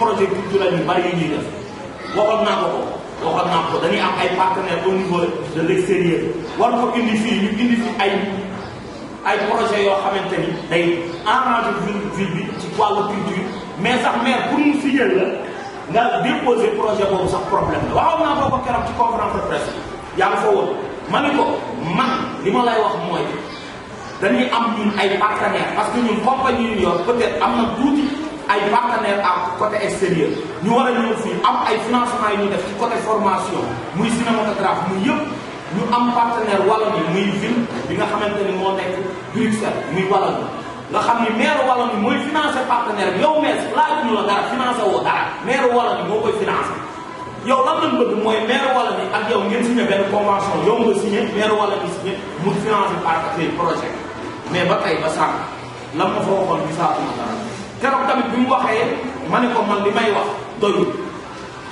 projet culturel yu bari yi ñuy def waxoon naa ko ko waxoon naa ko dañuy am ay partenaires au niveau de l' extérieur war ko indi fii ñu indi fi ay ay projet yoo xamante ni day arranger ville ville bi ci wàllu culture mais sax maire pour mu signer la nga déposer projet boobu sax problème la waxoon naa ko ko keroog ci conférence de presse yaa ngi fa woon ma ne ko man li ma lay wax mooy dañuy am ñun ay partenaires parce que ñun compagnie yu yor peut être am na tuuti ay partenaires am coté extérieur ñu war a ñëw fii am ay financement yi ñuy def ci côté formation muy cinématographe muy yëpp ñu am partenaire wallon yi muy bi nga xamante ni moo nekk Bruxelles muy wallon nga xam ni maire wallon yi partenaire bi yow maire laaj ñu la dara financé woo dara maire wallon yi moo koy financé yow lan lañ bëgg mooy maire wallon yi ak yow ngeen signé benn convention yow nga signé maire wallon yi signé mu financé par projet mais ba tey ba sànq lan ma fa waxoon gisaatuma dara tamit bi mu waxee ma ne ko man li may wax doyul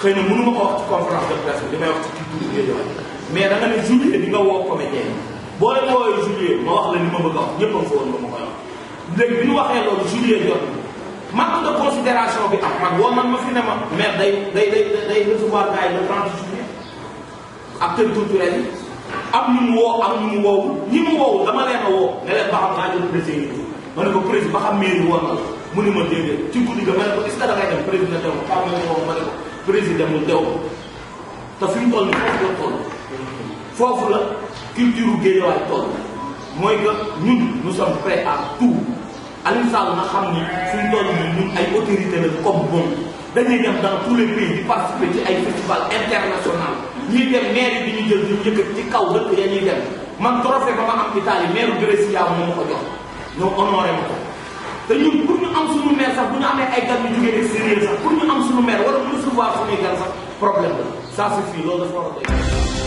xëy na mënu ma ko wax ci conférence de presse li may wax ci kii tuuti mais da nga ne juillet di nga woo comédien boo leen woowee juillet ma wax la ni ma bëgg a wax ñëpp a fa woon ba ma wax. léegi ma fi ne ma mais day day day day recevoir gars yi le 30 juillet acteurs culturels yi am ñu mu woo am ñu mu woowul a ne ma ne ko président ba xam mairie woon na la. mu ni ma déedéet ci guddi ga ma ko est-ce da ngay dem président tew xaw ma ko ma ko président mu tew te fi mu toll la toll foofu la culture géeyawaay toll ñun nous sommes prêts à tout Sall na ñun ay autorité la comme bon dañuy dem dans tous les pays di participer ci ay festival international ñuy dem maire bi ñu jël ñu yëkkat ci kaw dëkk ya ñuy dem man trophée ba ma am Italie maire ko jox ñoo honoré ma ko te ñun amee ay gan yu jógee extérieur sax pour ñu am suñu maire wala pour recevoir suñuy gan sax problème la ça suffit loolu dafa war a doy